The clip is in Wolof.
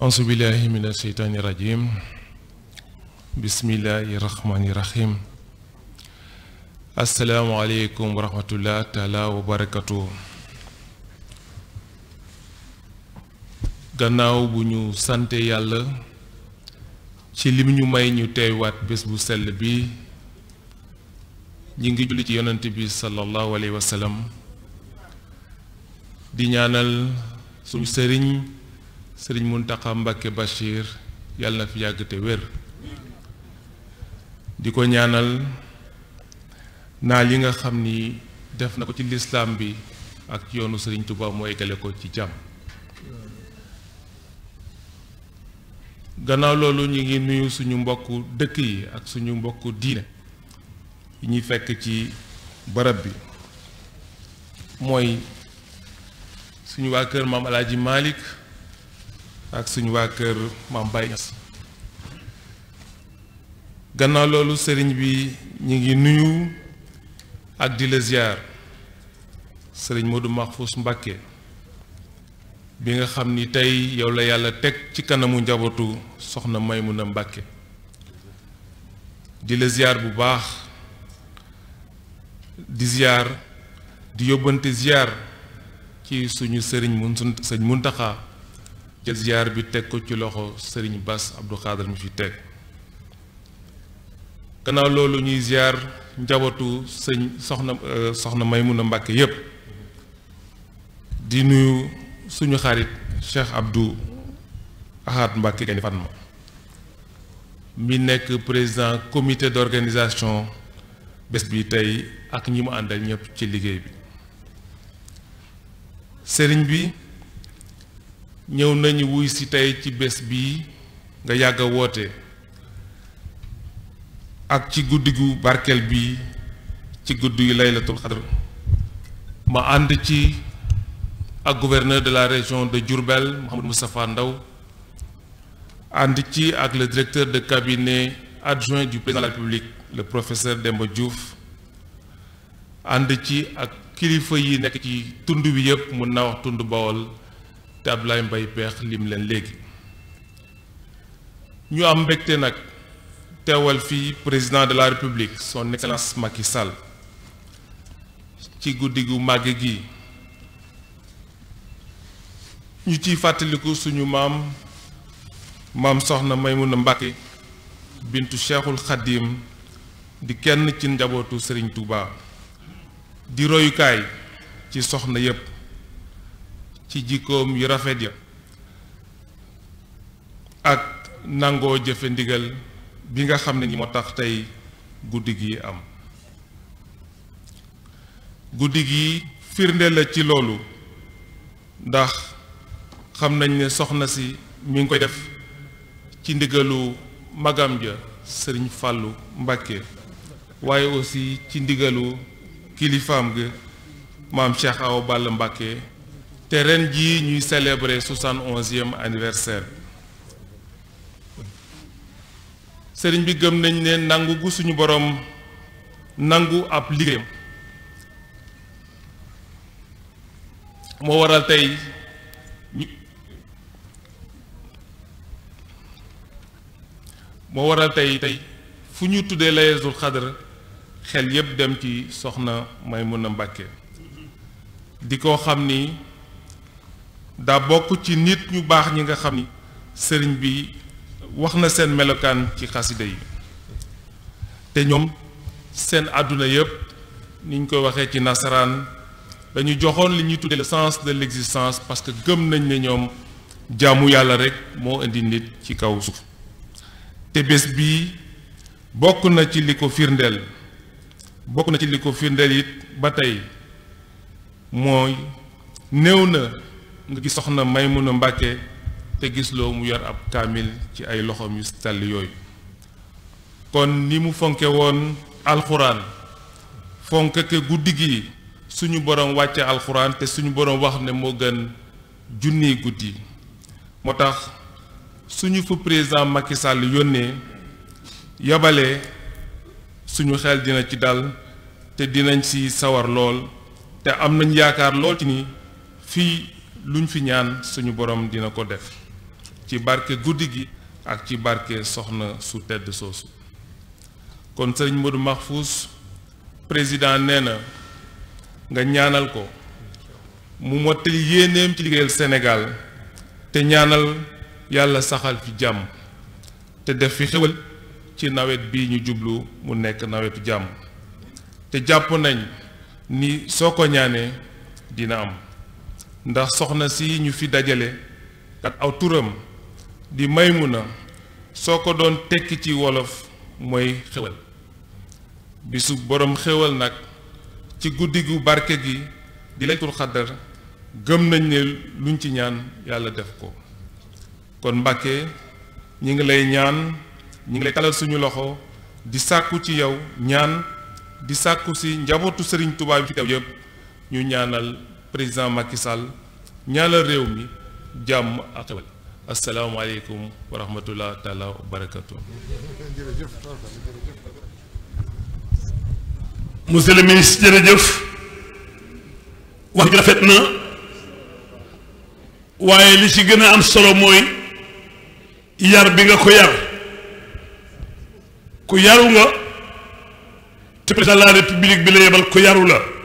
auzu billaahi mina sheytaani rajiim bismillaahi rahmaani rahiim assalaamu aleykum wa rahmatullah taala gannaaw bu ñu sante yàlla ci lim ñu may ñu teewaat bés bu sell bi ñi ngi julli ci yonent bi sallallahu alayhi wa di ñaanal suñu sëriñ sëriñ Muntaxa Mbàkke bashir yàlla na fi yàgg te wér di ko ñaanal naa yi nga xam ni def na ko ci lislaam bi ak yoonu sëriñ Tuubaa mu eggale ko ci jàmm gannaaw loolu ñu ngi nuyu suñu mbokk dëkk yi ak suñu mbokku diine yi ñuy fekk ci barab bi mooy suñu waa kër maam Alaaji Malick ak suñu waa kër maam Baye Niass gannaaw loolu sëriñ bi ñu ngi nuyu ak di la ziar sëriñ Modou Mahfous Mbacké bi nga xam ni tey yow la yàlla teg ci kanamu njabootu soxna Maymuna Mbacké di la ziar bu baax di ziar di yóbbante ziar ci suñu sëriñ mun sëñ mun taxa jël ziar bi teg ko ci loxo sëriñ Bass Abdou Khadre mi fi teg gannaaw loolu ñuy ziar njabootu sëñ soxna euh, soxna Maymuna Mbàkke yépp di nuyu suñu xarit Cheikh Abdou Ahad Mbàkke Gaynde Fatma mi nekk président comité d'organisation bés bi tey ak ñi mu àndal ñëpp ci liggéey bi sëriñ bi ñëw nañu wuy si tey ci bés bii nga yàgg a woote ak ci guddi gu barkeel bii ci guddi yu laylatul xadr ma ànd ci ak gouverneur de la région de Diourbel Mouhamadou Moustapha Ndaw ànd ci ak le directeur de cabinet adjoint du président la République le professeur Demba juuf ànd ci ak kilifa yi nekk ci tund bi yëpp mun naa wax tund Bawol te Ablaye Mbaye Peex lim leen léegi ñu am mbégte nag teewal fii président de la république son excellence Macky Sall ci guddi gu màgg gi ñu ciy fàttaliku suñu maam maam soxna Maymuna Mbàkke bintu Cheikhul Xadim di kenn ci njabootu sëriñ Touba. di royukaay ci soxna yépp ci jikkoom yu rafet ya ak nangoo jëfe ndigal bi nga xam ne ni moo tax tey guddi gi am guddi gi firnde la ci loolu ndax xam nañ ne soxna si mi ngi ko def ci ndigalu magam ja sëriñ fàllu mbàkke waaye aussi ci ndigalu kilifaam gi maam Cheikh Awa Balla Mbacké te ren ji ñuy célébrer soixante onzième anniversaire sëriñ bi gëm nañ ne nangu gu suñu boroom nangu ab liggéeyam moo waral tey moo waral tey tey fu ñu tuddee layesul xadar xel yépp dem ci soxna Maymuna Mbàkke di ko xam ni daa bokk ci nit ñu baax ñi nga xam ni sëriñ bi wax na seen melokaan ci xasida yi te ñoom seen àdduna yépp ni ñu koy waxee ci nasaraan dañu joxoon li ñuy tuddee le sens de l'existence parce que gëm nañ ne ñoom jàmmu yàlla rek moo indi nit ci kaw suuf te bés bii bokk na ci li ko firndeel bokk na ci li ko firndeel it ba tey mooy néew na nga gis soxna may Maymuna Mbàkke te gisloo mu yor ab kaamil ci ay loxoom yu sell yooyu kon ni mu fonke woon alxuraan fonke ke guddi gi suñu borom wàcce alxuraan te suñu borom wax ne moo gën junni guddi moo tax suñu fu président Macky Sall yónnee yabalee suñu xel dina ci dal te dinañ si sawar lool te am nañ yaakaar lool ci ni fii luñ fi ñaan suñu borom dina ko def ci barke guddi gi ak ci barke soxna su tedd soosu kon sëriñ Modou Mahfous président nee na nga ñaanal ko mu mottali yéeneem ci liggéeyal Sénégal te ñaanal yàlla saxal fi jàmm te def fi xewal ci nawet bi ñu jublu mu nekk nawetu jàmm te jàpp nañ ni soo ko ñaanee dina am ndax soxna si ñu fi dajale ak aw turam di may Maymuna soo ko doon tekki ci wolof mooy xéwal bisu boroom xewal nag ci guddi gu barke gi di laytul xaddar gëm nañ ne luñ ci ñaan yàlla def ko kon Mbàkke ñi ngi lay ñaan ñu ngi lay suñu loxo di sàkku ci yow ñaan di sàkku si njabootu sëriñ tubaab bi fi teew yëpp ñu ñaanal président Macky Sall ñaanal réew mi jàmm ak xewal asalaamaaleykum wa rahmatullah taala wa barakatu monsieur le ministre jërëjëf wax ji rafet na waaye li ci gën a am solo mooy yar bi nga ko yar ku yaru nga te président de la république bi la yebal ku yaru la